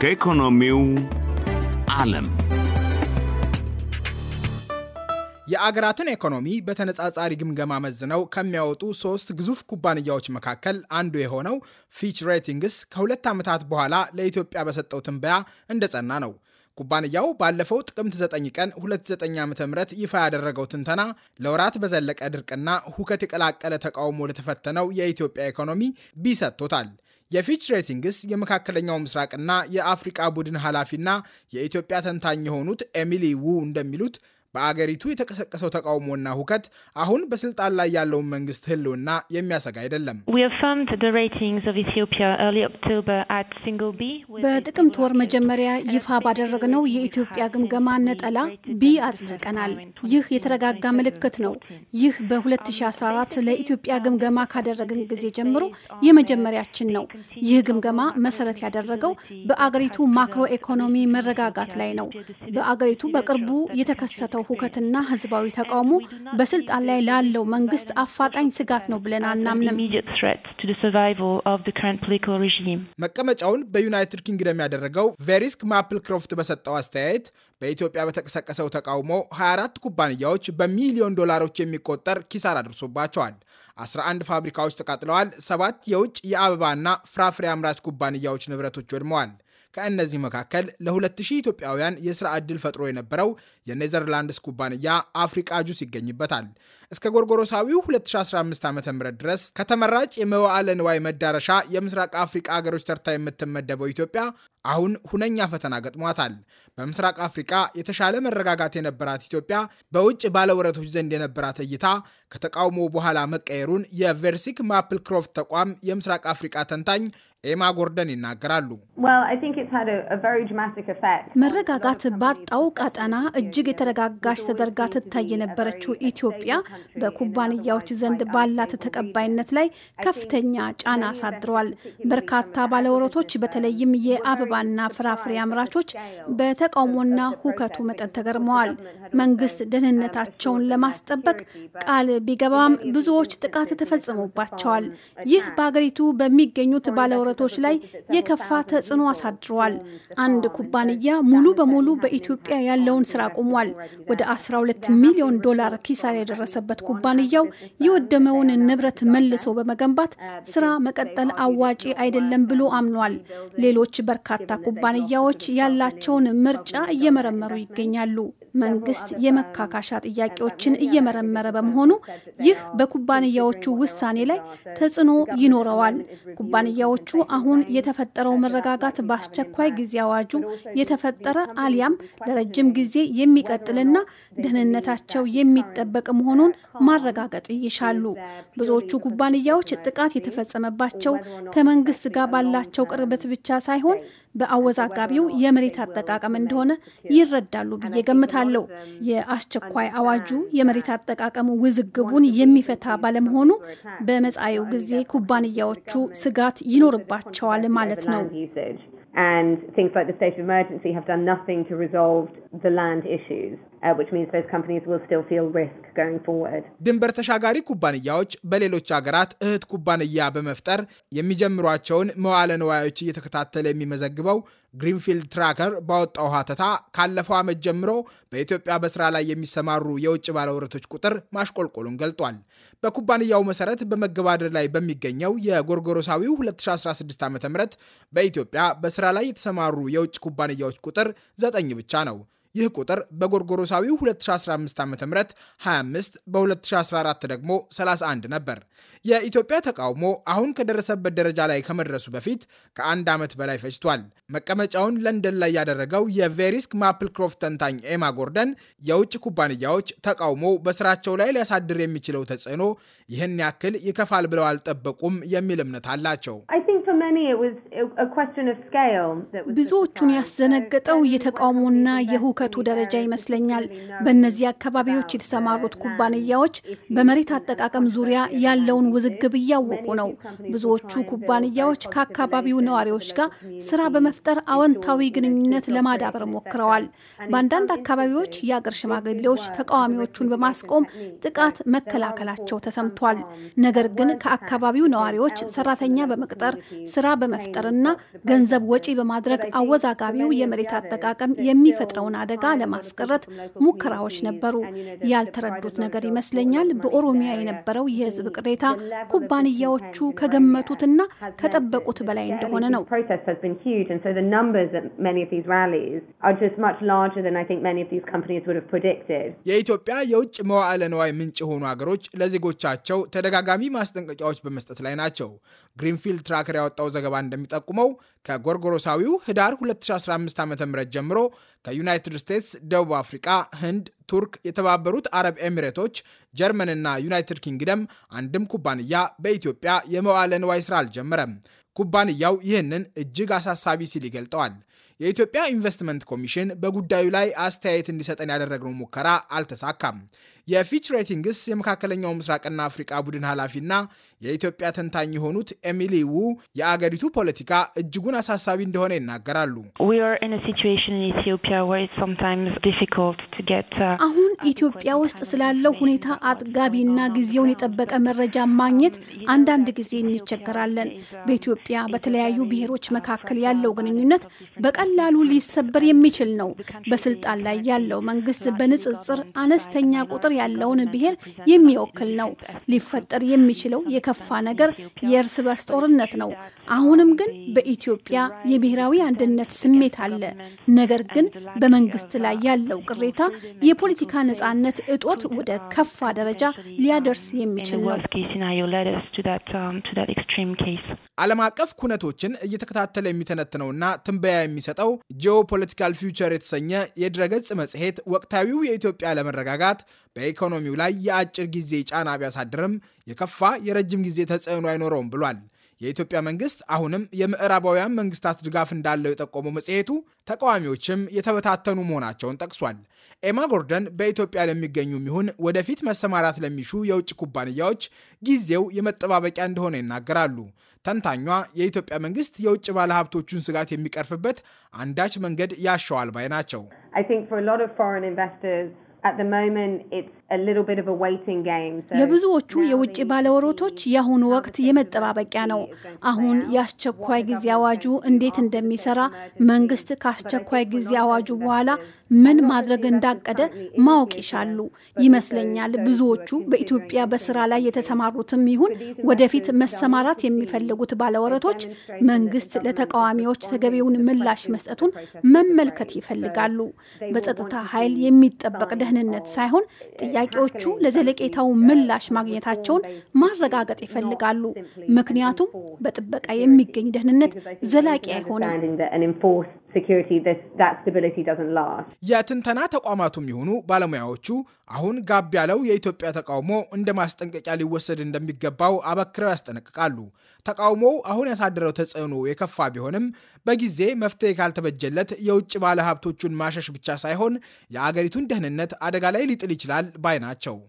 ከኢኮኖሚው ዓለም የአገራትን ኢኮኖሚ በተነጻጻሪ ግምገማ መዝነው ከሚያወጡ ሶስት ግዙፍ ኩባንያዎች መካከል አንዱ የሆነው ፊች ሬቲንግስ ከሁለት ዓመታት በኋላ ለኢትዮጵያ በሰጠው ትንበያ እንደጸና ነው። ኩባንያው ባለፈው ጥቅምት 9 ቀን 29 ዓ ም ይፋ ያደረገው ትንተና ለወራት በዘለቀ ድርቅና ሁከት የቀላቀለ ተቃውሞ ለተፈተነው የኢትዮጵያ ኢኮኖሚ ቢሰጥቶታል። የፊች ሬቲንግስ የመካከለኛው ምስራቅና የአፍሪቃ ቡድን ኃላፊና የኢትዮጵያ ተንታኝ የሆኑት ኤሚሊ ዉ እንደሚሉት በአገሪቱ የተቀሰቀሰው ተቃውሞና ሁከት አሁን በስልጣን ላይ ያለውን መንግስት ህልውና የሚያሰጋ አይደለም። በጥቅምት ወር መጀመሪያ ይፋ ባደረግነው የኢትዮጵያ ግምገማ ነጠላ ቢ አጽድቀናል። ይህ የተረጋጋ ምልክት ነው። ይህ በ2014 ለኢትዮጵያ ግምገማ ካደረግን ጊዜ ጀምሮ የመጀመሪያችን ነው። ይህ ግምገማ መሰረት ያደረገው በአገሪቱ ማክሮ ኢኮኖሚ መረጋጋት ላይ ነው። በአገሪቱ በቅርቡ የተከሰተው ሁከትና ህዝባዊ ተቃውሞ በስልጣን ላይ ላለው መንግስት አፋጣኝ ስጋት ነው ብለን አናምንም። መቀመጫውን በዩናይትድ ኪንግደም ያደረገው ቬሪስክ ክሮፍት በሰጠው አስተያየት በኢትዮጵያ በተቀሰቀሰው ተቃውሞ 24 ኩባንያዎች በሚሊዮን ዶላሮች የሚቆጠር ኪሳራ አድርሶባቸዋል። 11 ፋብሪካዎች ተቃጥለዋል። ሰባት የውጭ የአበባና ፍራፍሬ አምራች ኩባንያዎች ንብረቶች ወድመዋል። ከእነዚህ መካከል ለ2000 ኢትዮጵያውያን የሥራ ዕድል ፈጥሮ የነበረው የኔዘርላንድስ ኩባንያ አፍሪቃ ጁስ ይገኝበታል። እስከ ጎርጎሮሳዊው 2015 ዓ ም ድረስ ከተመራጭ የመዋዕለ ንዋይ መዳረሻ የምስራቅ አፍሪቃ አገሮች ተርታ የምትመደበው ኢትዮጵያ አሁን ሁነኛ ፈተና ገጥሟታል። በምስራቅ አፍሪቃ የተሻለ መረጋጋት የነበራት ኢትዮጵያ በውጭ ባለውረቶች ዘንድ የነበራት እይታ ከተቃውሞ በኋላ መቀየሩን የቬርሲክ ማፕልክሮፍት ተቋም የምስራቅ አፍሪቃ ተንታኝ ኤማ ጎርደን ይናገራሉ። መረጋጋት ባጣው ቀጠና እጅግ የተረጋጋች ተደርጋ ትታይ የነበረችው ኢትዮጵያ በኩባንያዎች ዘንድ ባላት ተቀባይነት ላይ ከፍተኛ ጫና አሳድሯል። በርካታ ባለወረቶች በተለይም የአበባና ፍራፍሬ አምራቾች በተቃውሞና ሁከቱ መጠን ተገርመዋል። መንግስት ደህንነታቸውን ለማስጠበቅ ቃል ቢገባም ብዙዎች ጥቃት ተፈጽሞባቸዋል። ይህ በአገሪቱ በሚገኙት ባለወረ መሰረቶች ላይ የከፋ ተጽዕኖ አሳድረዋል። አንድ ኩባንያ ሙሉ በሙሉ በኢትዮጵያ ያለውን ስራ አቁሟል። ወደ 12 ሚሊዮን ዶላር ኪሳራ የደረሰበት ኩባንያው የወደመውን ንብረት መልሶ በመገንባት ስራ መቀጠል አዋጪ አይደለም ብሎ አምኗል። ሌሎች በርካታ ኩባንያዎች ያላቸውን ምርጫ እየመረመሩ ይገኛሉ። መንግስት የመካካሻ ጥያቄዎችን እየመረመረ በመሆኑ ይህ በኩባንያዎቹ ውሳኔ ላይ ተጽዕኖ ይኖረዋል። ኩባንያዎቹ አሁን የተፈጠረው መረጋጋት በአስቸኳይ ጊዜ አዋጁ የተፈጠረ አሊያም ለረጅም ጊዜ የሚቀጥልና ደህንነታቸው የሚጠበቅ መሆኑን ማረጋገጥ ይሻሉ። ብዙዎቹ ኩባንያዎች ጥቃት የተፈጸመባቸው ከመንግስት ጋር ባላቸው ቅርበት ብቻ ሳይሆን በአወዛጋቢው የመሬት አጠቃቀም እንደሆነ ይረዳሉ ብዬ ገምታለሁ። የአስቸኳይ አዋጁ የመሬት አጠቃቀም ውዝግቡን የሚፈታ ባለመሆኑ በመጻኤው ጊዜ ኩባንያዎቹ ስጋት ይኖርባል ማለት ነው። And things like the state of emergency have done nothing to resolve the land issues. Uh, ድንበር ተሻጋሪ ኩባንያዎች በሌሎች ሀገራት እህት ኩባንያ በመፍጠር የሚጀምሯቸውን መዋለ ንዋዮች እየተከታተለ የሚመዘግበው ግሪንፊልድ ትራከር ባወጣው ሀተታ ካለፈው ዓመት ጀምሮ በኢትዮጵያ በስራ ላይ የሚሰማሩ የውጭ ባለውረቶች ቁጥር ማሽቆልቆሉን ገልጧል። በኩባንያው መሰረት በመገባደድ ላይ በሚገኘው የጎርጎሮሳዊው 2016 ዓ ም በኢትዮጵያ በስራ ላይ የተሰማሩ የውጭ ኩባንያዎች ቁጥር ዘጠኝ ብቻ ነው። ይህ ቁጥር በጎርጎሮሳዊው 2015 ዓ ም 25 በ2014 ደግሞ 31 ነበር። የኢትዮጵያ ተቃውሞ አሁን ከደረሰበት ደረጃ ላይ ከመድረሱ በፊት ከአንድ ዓመት በላይ ፈጅቷል። መቀመጫውን ለንደን ላይ ያደረገው የቬሪስክ ማፕልክሮፍት ተንታኝ ኤማ ጎርደን የውጭ ኩባንያዎች ተቃውሞ በስራቸው ላይ ሊያሳድር የሚችለው ተጽዕኖ ይህን ያክል ይከፋል ብለው አልጠበቁም የሚል እምነት አላቸው። ብዙዎቹን ያስዘነገጠው የተቃውሞና የሁከቱ ደረጃ ይመስለኛል። በእነዚህ አካባቢዎች የተሰማሩት uh, ኩባንያዎች በመሬት አጠቃቀም ዙሪያ ያለውን ውዝግብ እያወቁ ነው። ብዙዎቹ ኩባንያዎች ከአካባቢው ነዋሪዎች ጋር ስራ በመፍጠር አወንታዊ ግንኙነት ለማዳበር ሞክረዋል። በአንዳንድ አካባቢዎች የአገር ሽማግሌዎች ተቃዋሚዎቹን በማስቆም ጥቃት መከላከላቸው ተሰምቷል። ነገር ግን ከአካባቢው ነዋሪዎች ሰራተኛ በመቅጠር ስራ በመፍጠርና ገንዘብ ወጪ በማድረግ አወዛጋቢው የመሬት አጠቃቀም የሚፈጥረውን አደጋ ለማስቀረት ሙከራዎች ነበሩ። ያልተረዱት ነገር ይመስለኛል በኦሮሚያ የነበረው የህዝብ ቅሬታ ኩባንያዎቹ ከገመቱትና ከጠበቁት በላይ እንደሆነ ነው። የኢትዮጵያ የውጭ መዋዕለ ንዋይ ምንጭ የሆኑ ሀገሮች ለዜጎቻቸው ተደጋጋሚ ማስጠንቀቂያዎች በመስጠት ላይ ናቸው። ግሪንፊልድ ትራከሪያ ያወጣው ዘገባ እንደሚጠቁመው ከጎርጎሮሳዊው ህዳር 2015 ዓ ም ጀምሮ ከዩናይትድ ስቴትስ፣ ደቡብ አፍሪቃ፣ ህንድ፣ ቱርክ፣ የተባበሩት አረብ ኤሚሬቶች፣ ጀርመንና ዩናይትድ ኪንግደም አንድም ኩባንያ በኢትዮጵያ የመዋለ ንዋይ ስራ አልጀመረም። ኩባንያው ይህንን እጅግ አሳሳቢ ሲል ይገልጠዋል። የኢትዮጵያ ኢንቨስትመንት ኮሚሽን በጉዳዩ ላይ አስተያየት እንዲሰጠን ያደረግነው ሙከራ አልተሳካም። የፊች ሬቲንግስ የመካከለኛው ምስራቅና አፍሪቃ ቡድን ኃላፊና የኢትዮጵያ ተንታኝ የሆኑት ኤሚሊ ው የአገሪቱ ፖለቲካ እጅጉን አሳሳቢ እንደሆነ ይናገራሉ። uh, አሁን ኢትዮጵያ ውስጥ ስላለው ሁኔታ አጥጋቢና ጊዜውን የጠበቀ መረጃ ማግኘት አንዳንድ ጊዜ እንቸገራለን። በኢትዮጵያ በተለያዩ ብሔሮች መካከል ያለው ግንኙነት በቀላሉ ሊሰበር የሚችል ነው። በስልጣን ላይ ያለው መንግስት በንጽጽር አነስተኛ ቁጥር ያለውን ብሔር የሚወክል ነው። ሊፈጠር የሚችለው የከፋ ነገር የእርስ በርስ ጦርነት ነው። አሁንም ግን በኢትዮጵያ የብሔራዊ አንድነት ስሜት አለ። ነገር ግን በመንግስት ላይ ያለው ቅሬታ የፖለቲካ ነጻነት እጦት ወደ ከፋ ደረጃ ሊያደርስ የሚችል ነው። ዓለም አቀፍ ኩነቶችን እየተከታተለ የሚተነትነውና ትንበያ የሚሰጠው ጂኦፖለቲካል ፊውቸር የተሰኘ የድረገጽ መጽሔት ወቅታዊው የኢትዮጵያ አለመረጋጋት በ በኢኮኖሚው ላይ የአጭር ጊዜ ጫና ቢያሳድርም የከፋ የረጅም ጊዜ ተጽዕኖ አይኖረውም ብሏል። የኢትዮጵያ መንግስት አሁንም የምዕራባውያን መንግስታት ድጋፍ እንዳለው የጠቆመው መጽሔቱ ተቃዋሚዎችም የተበታተኑ መሆናቸውን ጠቅሷል። ኤማ ጎርደን በኢትዮጵያ ለሚገኙም ይሁን ወደፊት መሰማራት ለሚሹ የውጭ ኩባንያዎች ጊዜው የመጠባበቂያ እንደሆነ ይናገራሉ። ተንታኟ የኢትዮጵያ መንግስት የውጭ ባለሀብቶቹን ስጋት የሚቀርፍበት አንዳች መንገድ ያሸዋል ባይ ናቸው። ለብዙዎቹ የውጭ ባለወሮቶች የአሁኑ ወቅት የመጠባበቂያ ነው። አሁን የአስቸኳይ ጊዜ አዋጁ እንዴት እንደሚሰራ መንግስት ከአስቸኳይ ጊዜ አዋጁ በኋላ ምን ማድረግ እንዳቀደ ማወቅ ይሻሉ ይመስለኛል። ብዙዎቹ በኢትዮጵያ በስራ ላይ የተሰማሩትም ይሁን ወደፊት መሰማራት የሚፈልጉት ባለወረቶች መንግስት ለተቃዋሚዎች ተገቢውን ምላሽ መስጠቱን መመልከት ይፈልጋሉ። በጸጥታ ኃይል የሚጠበቅ ደህ ደህንነት ሳይሆን ጥያቄዎቹ ለዘለቄታው ምላሽ ማግኘታቸውን ማረጋገጥ ይፈልጋሉ። ምክንያቱም በጥበቃ የሚገኝ ደህንነት ዘላቂ አይሆንም። የትንተና ተቋማቱም ይሁኑ ባለሙያዎቹ አሁን ጋብ ያለው የኢትዮጵያ ተቃውሞ እንደ ማስጠንቀቂያ ሊወሰድ እንደሚገባው አበክረው ያስጠነቅቃሉ። ተቃውሞው አሁን ያሳደረው ተጽዕኖ የከፋ ቢሆንም በጊዜ መፍትሄ ካልተበጀለት የውጭ ባለሀብቶቹን ማሸሽ ብቻ ሳይሆን የአገሪቱን ደህንነት አደጋ ላይ ሊጥል ይችላል ባይ ናቸው።